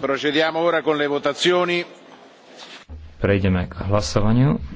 Procediamo, ora con le votazioni. Prejdeme k hlasovaniu.